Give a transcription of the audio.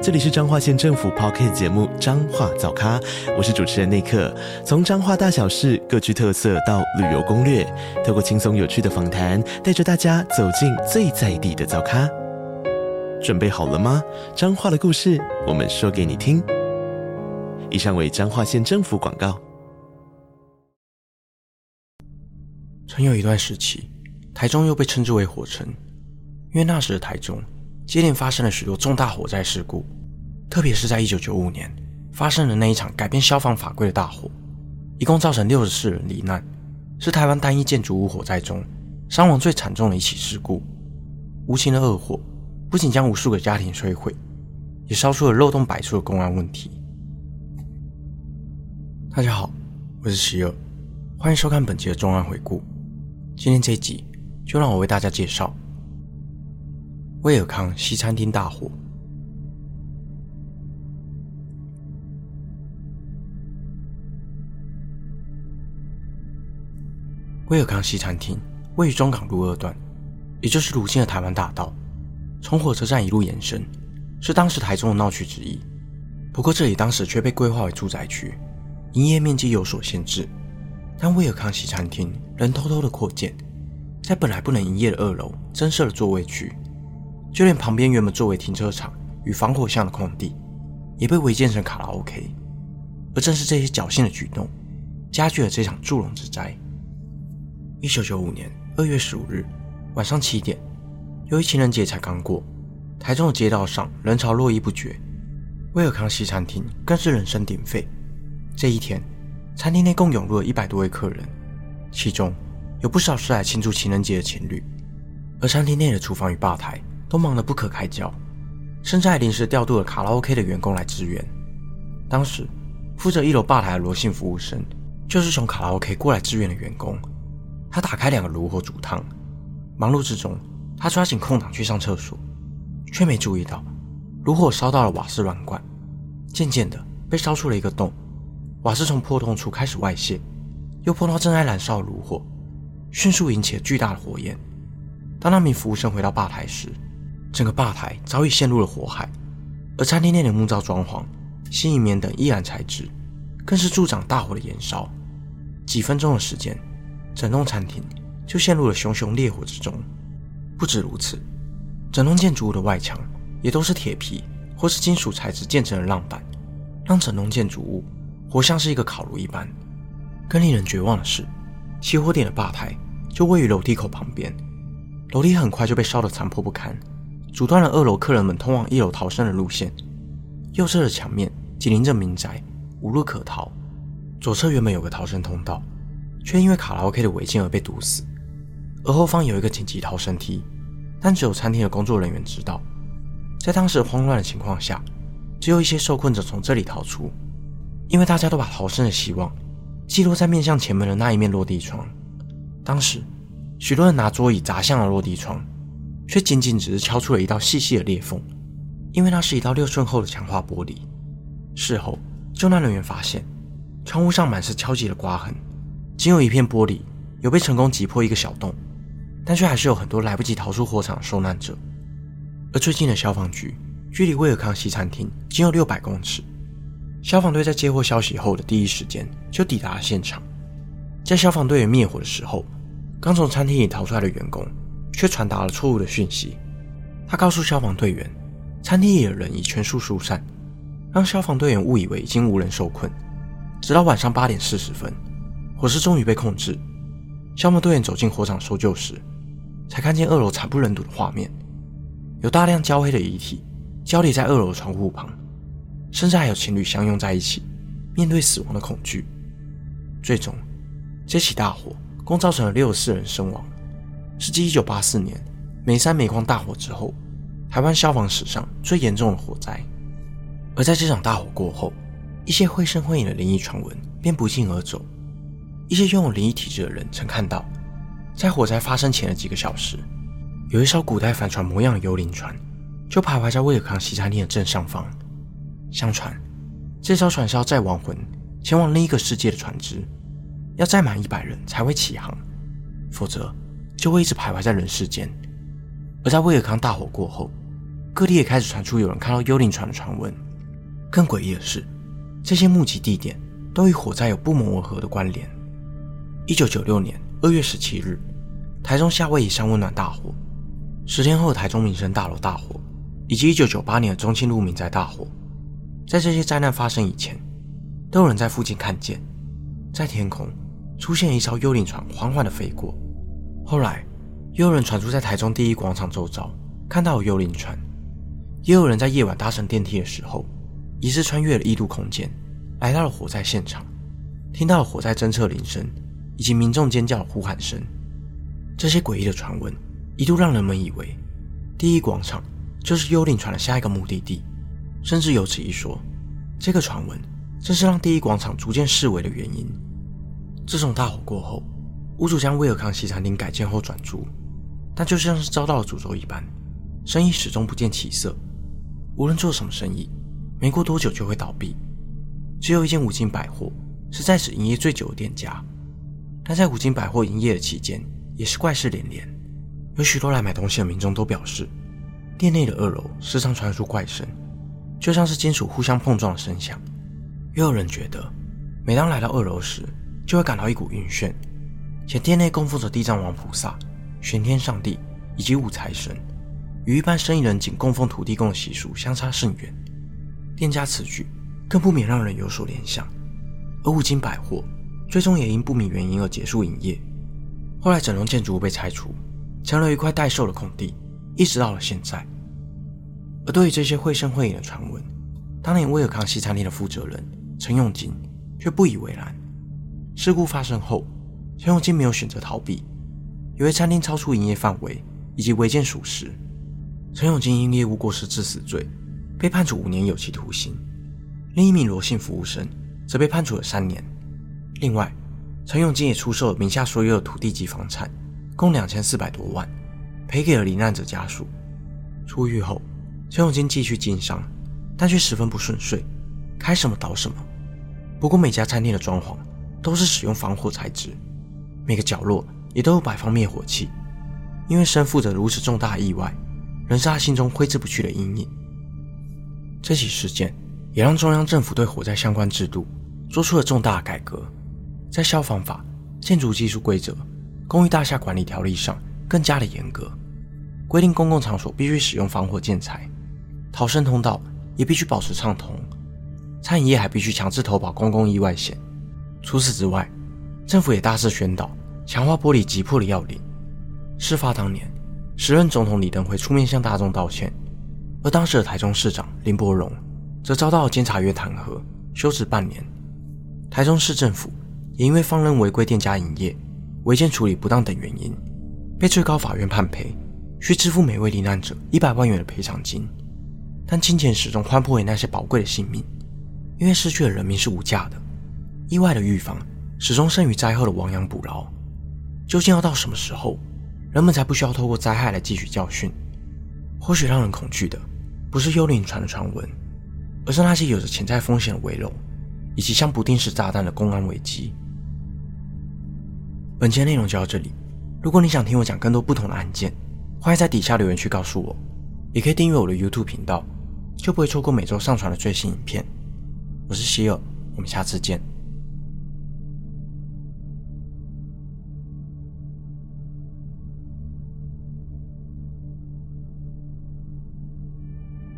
這裡是彰化縣政府 Podcast 節目《彰化早咖》，我是主持人內克。從彰化大小事各具特色到旅遊攻略，透過輕鬆有趣的訪談，帶着大家走進最在地的早咖。準備好了嗎？彰化的故事，我們說給你聽。以上為彰化縣政府廣告。曾有一段時期，台中又被稱之為火城，因為那時的台中，接連發生了許多重大火災事故，特別是在一九九五年發生的那一場改變消防法規的大火，一共造成六十四人罹難，是台灣單一建築物火災中傷亡最慘重的一起事故。無情的惡火不僅將無數個家庭摧毀，也燒出了漏洞百出的公安問題。大家好，我是希爾，歡迎收看本集的重案回顧。今天這一集就讓我為大家介紹。衛爾康西餐廳大火。衛爾康西餐廳位於中港路二段，也就是如今的台灣大道，從火車站一路延伸，是當時台中的鬧區之一。不過，這裡當時卻被規劃為住宅區，營業面積有所限制。但衛爾康西餐廳仍偷偷的擴建，在本來不能營業的二樓增設了座位區。就連旁邊原本作為停車場與防火巷的空地，也被圍建成卡拉 OK。而正是這些僥倖的舉動，加劇了這場祝融之災。一九九五年二月十五日晚上七點，由於情人節才剛過，台中的街道上人潮絡繹不絕，威爾康西餐廳更是人聲鼎沸。這一天，餐廳內共湧入了一百多位客人，其中有不少是來慶祝情人節的情侶，而餐廳內的廚房與吧台，都忙得不可開交，甚至還臨時調度了卡拉 OK 的員工來支援。當時負責一樓吧台的羅姓服務生就是從卡拉 OK 過來支援的員工。他打開兩個爐火煮湯，忙碌之中，他抓緊空檔去上廁所，卻沒注意到爐火燒到了瓦斯軟管，漸漸地被燒出了一個洞，瓦斯從破洞處開始外泄，又碰到正在燃燒的爐火，迅速引起了巨大的火焰。當那名服務生回到吧台時，整個吧台早已陷入了火海，而餐廳內的木造裝潢、吸音棉等易燃材質，更是助長大火的燃燒。幾分鐘的時間，整棟餐廳就陷入了熊熊烈火之中。不止如此，整棟建築物的外牆也都是鐵皮或是金屬材質建成的浪板，讓整棟建築物活像是一個烤爐一般。更令人絕望的是，起火點的吧台就位於樓梯口旁邊，樓梯很快就被燒得殘破不堪。阻斷了二樓客人們通往一樓逃生的路線。右側的牆面緊鄰着民宅，無路可逃；左側原本有個逃生通道，卻因為卡拉 OK 的違建而被堵死。而後方有一個緊急逃生梯，但只有餐廳的工作人員知道。在當時慌亂的情況下，只有一些受困者從這裡逃出，因為大家都把逃生的希望寄托在面向前門的那一面落地窗。當時，許多人拿桌椅砸向了落地窗。卻僅僅只是敲出了一道細細的裂縫，因為那是一道六寸厚的強化玻璃。事後，救難人員發現，窗戶上滿是敲擊的刮痕，僅有一片玻璃有被成功擊破一個小洞，但卻還是有很多來不及逃出火場的受難者。而最近的消防局距離衛爾康西餐廳僅有六百公尺，消防隊在接獲消息後的第一時間就抵達了現場。在消防隊員滅火的時候，剛從餐廳裡逃出來的員工，卻傳達了錯誤的訊息。他告訴消防隊員，餐廳也有人已全數疏散，讓消防隊員誤以為已經無人受困。直到晚上八點四十分，火勢終於被控制。消防隊員走進火場搜救時，才看見二樓慘不忍睹的畫面：有大量焦黑的遺體，交疊在二樓窗戶旁，甚至還有情侶相擁在一起，面對死亡的恐懼。最終，這起大火共造成了六十四人身亡。是繼1984年煤山煤礦大火之後，台灣消防史上最嚴重的火災。而在這場大火過後，一些繪聲繪影的靈異傳聞便不脛而走。一些擁有靈異體質的人曾看到，在火災發生前的幾個小時，有一艘古代帆船模樣的幽靈船，就徘徊在威爾康西餐廳的正上方。相傳，這艘船是要載亡魂前往另一個世界的船只，要載滿一百人才會起航，否則，就會一直徘徊在人世間。而在威爾康大火過後，各地也開始傳出有人看到幽靈船的傳聞。更詭異的是，這些目擊地點都與火災有不謀而合的關聯。一九九六年二月十七日，台中夏威夷三溫暖大火；十天後，台中民生大樓大火，以及一九九八年的中清路民宅大火，在這些災難發生以前，都有人在附近看見，在天空出現一艘幽靈船，緩緩地飛過。後來，也有人傳出在台中第一廣場周遭看到了幽靈船，也有人在夜晚搭乘電梯的時候，疑似穿越了異度空間，來到了火災現場，聽到了火災偵測鈴聲以及民眾尖叫的呼喊聲。這些詭異的傳聞一度讓人們以為，第一廣場就是幽靈船的下一個目的地，甚至有此一說，這個傳聞正是讓第一廣場逐漸式微的原因。自從大火過後，屋主將威爾康西餐廳改建後轉租，但就像是遭到了詛咒一般，生意始終不見起色。無論做什麼生意，沒過多久就會倒閉。只有一間五金百貨是在此營業最久的店家，但在五金百貨營業的期間，也是怪事連連。有許多來買東西的民眾都表示，店內的二樓時常傳出怪聲，就像是金屬互相碰撞的聲響；也有人覺得，每當來到二樓時，就會感到一股暈眩。且店內供奉着地藏王菩薩、玄天上帝以及武財神，與一般生意人僅供奉土地公的習俗相差甚遠。店家此舉更不免讓人有所聯想，而五金百貨最終也因不明原因而結束營業。後來整棟建築被拆除，成了一塊待售的空地，一直到了現在。而對於這些繪聲繪影的傳聞，當年衛爾康西餐廳的負責人陳永金卻不以為然。事故發生後，陳永金沒有選擇逃避，因為餐廳超出營業範圍以及違建屬實，陳永金因業務過失致死罪，被判處五年有期徒刑。另一名羅姓服務生則被判處了三年。另外，陳永金也出售了名下所有的土地及房產，共兩千四百多萬，賠給了罹難者家屬。出獄後，陳永金繼續經商，但卻十分不順遂，開什麼倒什麼。不過，每家餐廳的裝潢都是使用防火材質。每個角落也都有擺放滅火器，因為身負着如此重大意外，仍是他心中揮之不去的陰影。這起事件也讓中央政府對火災相關制度做出了重大改革，在消防法、建築技術規則、公寓大廈管理條例上更加的嚴格，規定公共場所必須使用防火建材，逃生通道也必須保持暢通，餐飲業還必須強制投保公共意外險。除此之外，政府也大肆宣導，強化玻璃擊破的要領。事發當年，時任總統李登輝出面向大眾道歉，而當時的台中市長林柏榮則遭到監察院彈劾，休職半年。台中市政府也因為放任違規店家營業、違建處理不當等原因，被最高法院判賠，需支付每位罹難者一百萬元的賠償金。但金錢始終換不回那些寶貴的性命，因為失去的人民是無價的。意外的預防。始終勝於災後的亡羊補牢，究竟要到什麼時候，人們才不需要透過災害來汲取教訓？或許讓人恐懼的，不是幽靈船的傳聞，而是那些有着潛在風險的圍樓，以及像不定時炸彈的公安危機。本期的內容就到這裡。如果你想聽我講更多不同的案件，歡迎在底下留言區告訴我，也可以訂閱我的 YouTube 頻道，就不會錯過每週上傳的最新影片。我是希爾，我們下次見。